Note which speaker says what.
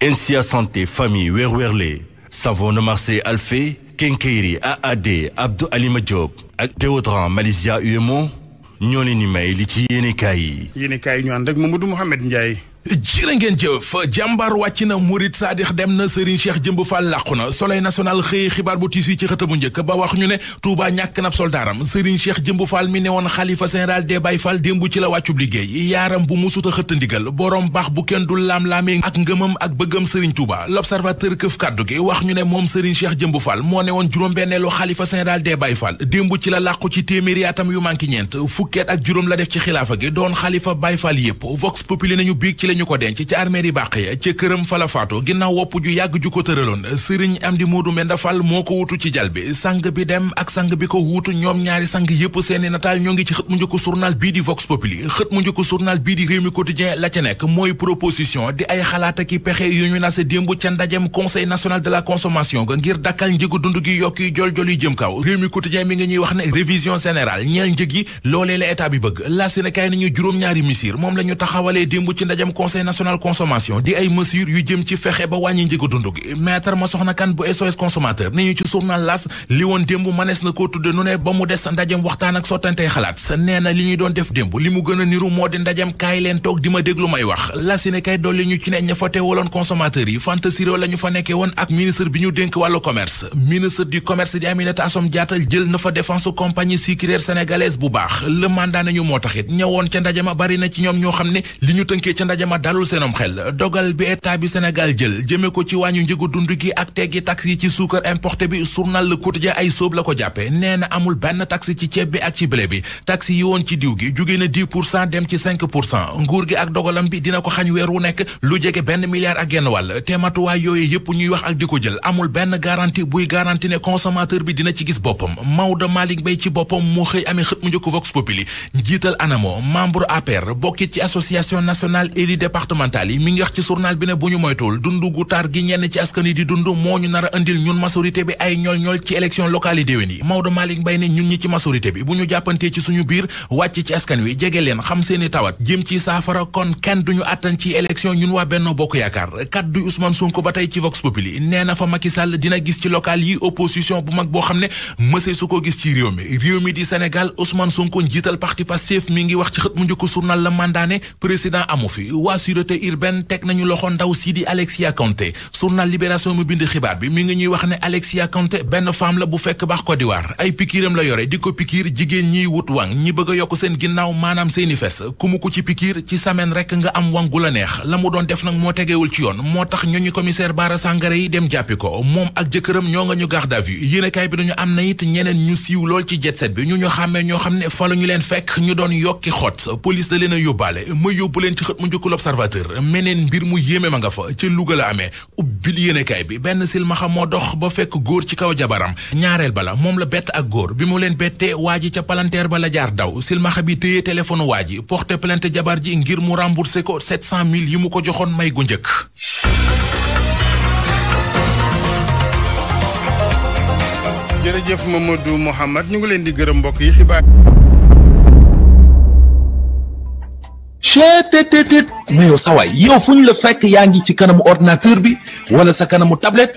Speaker 1: NSIA Santé famille wéer weerlee savon de Marseille Alphé Kenkeyri AAD Abdou Alima Diop ak déodorant Malaysia UMO ñoo ni may li ci yéenekaay yi. yéenekaay yi ñu ànd ak Mamadou Mouhamed Ndiaye. jërë ngeen jëf jàmbaar wàcc na murit saadix dem na Serigne Cheikh Jëmb fal làqu na soleil national xëy xibaar bu tiis yi ci xët bu njëkk ba wax ñu ne Touba ñàkk nab soldaaram Serigne Cheikh Jëmb Fall mi ne woon xalifa général des Baye Fall démb ci la wàccub liggéey yaaram bu musuta xëtt ndigal boroom baax bu kenn dul laam-laamee ak ngëmam ak bëggam Serigne Touba l'observateur këf kàddu gi wax ñu ne moom Serigne Cheikh Jëmb Fall moo ne woon juróom-benneelu xalifa général des Baye Fall démb ci la làqu ci téeméeri atam yu manki ñeent fukkeet ak la def ci xilaafa gi doon xalifa Baye Fall yépp vox populi nañu biig ci ñu ko denc ci armée yi bàq ya ci këram fa la faatu ginnaaw wopp ju yàgg ju ko tëraloon sëriñ Amdi Moodu Mbenda Fall moo ko wutu ci jal sang bi dem ak sang bi ko wuutu ñoom ñaari sang yëpp seeni nataal ñoo ngi ci xët mu njëkk journal bii di Vox Populi xët mu njëkk journal bii di Rewmi Quotidien la ca nekk mooy proposition di ay xalaat ak i pexe yu ñu nase démb ca ndajem conseil national de la consommation ga ngir dakkal njëgu dund gi yokk jol jol yi jëm kaw conseil national consommation di ay mesures yu jëm ci fexe ba wàññi njëgu dund gi maître ma soxna kan bu SOS consommateur ni ñu ci journal las li woon démb manees na koo tudde nu ne ba mu des ndajem waxtaan ak sottantey xalaat nee na li ñuy doon def démb li mu gën a moo di ndajem kaay leen toog di ma déglu may wax las yi ne kay dolli ñu ci ne ña fa teewaloon consommateur yi fantasiro la fa nekkee woon ak ministre bi ñu dénk wàllu commerce ministre ma dalul seenom xel dogal bi état bi Sénégal jël jëme ko ci wàññu njëgu dund gi ak teggi taxe yi ci suukar importé bi journal Le Quotidien ay sóob la ko jàppe nee na amul benn taxe ci ceeb bi ak ci blé bi taxe yi woon ci diw gi jóge na 10 pour cent dem ci 5 pour cent nguur gi ak dogalam bi dina ko xañ weer wu nekk lu jege benn milliard ak genn wàll te matuwaay yooyu yëpp ñuy wax ak di ko jël amul benn garanti buy garanti ne consommateur bi dina ci gis boppam Maodo Malick Mbaye ci boppam moo xëy amee xët mu njëkk njiital ANAMO membre APR bokkit ci départementale yi mi ngi wax ci journal bi ne bu ñu moytuwul dund gu tar gi ñenn ci askan yi di dund moo ñu nar a andil ñun majorité bi ay ñool ñool ci élection locale yi déwén yi Maodo Malick Mbaye ne ñun ñi ci majorité bi bu ñu jàppantee ci suñu biir wàcc ci askan wi jege leen xam seeni tawat jëm ci saafara kon kenn duñu àttan ci élection ñun waa Benno Bokk Yaakaar kaddu Ousmane Sonko ba tey ci Vox Populi nee na fa Macky dina gis ci local yi opposition bu mag boo xam ne mësee su ko gis ci réew mi réew mi di Sénégal Ousmane Sonko njiital parti Pastef mi ngi wax ci xët mu njëkk journal la waa sûreté urbaine teg nañu loxo ndaw sii Alexia Kanté journal Libération mu bind xibaar bi mi ngi ñuy wax ne Alexia Kanté benn femme la bu fekk baax Côte d'Ivoire ay pikiiram la yore di ko pikiir jigéen ñiy wut wang ñi bëgg a yokk seen ginnaaw maanaam seeni fes ku mu ko ci pikiir ci semaine rek nga am wang gu neex la mu doon def nag moo tegewul ci yoon moo tax ñooñu commissaire Bara Sangaré yi dem jàppi ko moom ak jëkkëram ñoo nga ñu garde à ñoo xam ne la ñu leen fekk ñu doon yokki xot police a l'observateur meneen mbir mu yéeme ma nga fa ca Louga la amee ubbil bi benn silmaxa moo dox ba fekk góor ci kaw jabaram ñaareel bala moom la bett ak góor bi mu leen bettee waa ji ca palanteer ba la jaar daw silmaxa bi téye téléphone waa ji porté palante jabar ji ngir mu remboursé ko 700000 yi mu ko joxoon may gu njëkk jërëjëf Mamadou ñu ngi leen di gërëm mbokk yi xibaar cheetetetet mais yow sa waay yow fu ñu la fekk yaa ngi ci kanamu ordinateur bi wala sa kanamu tablette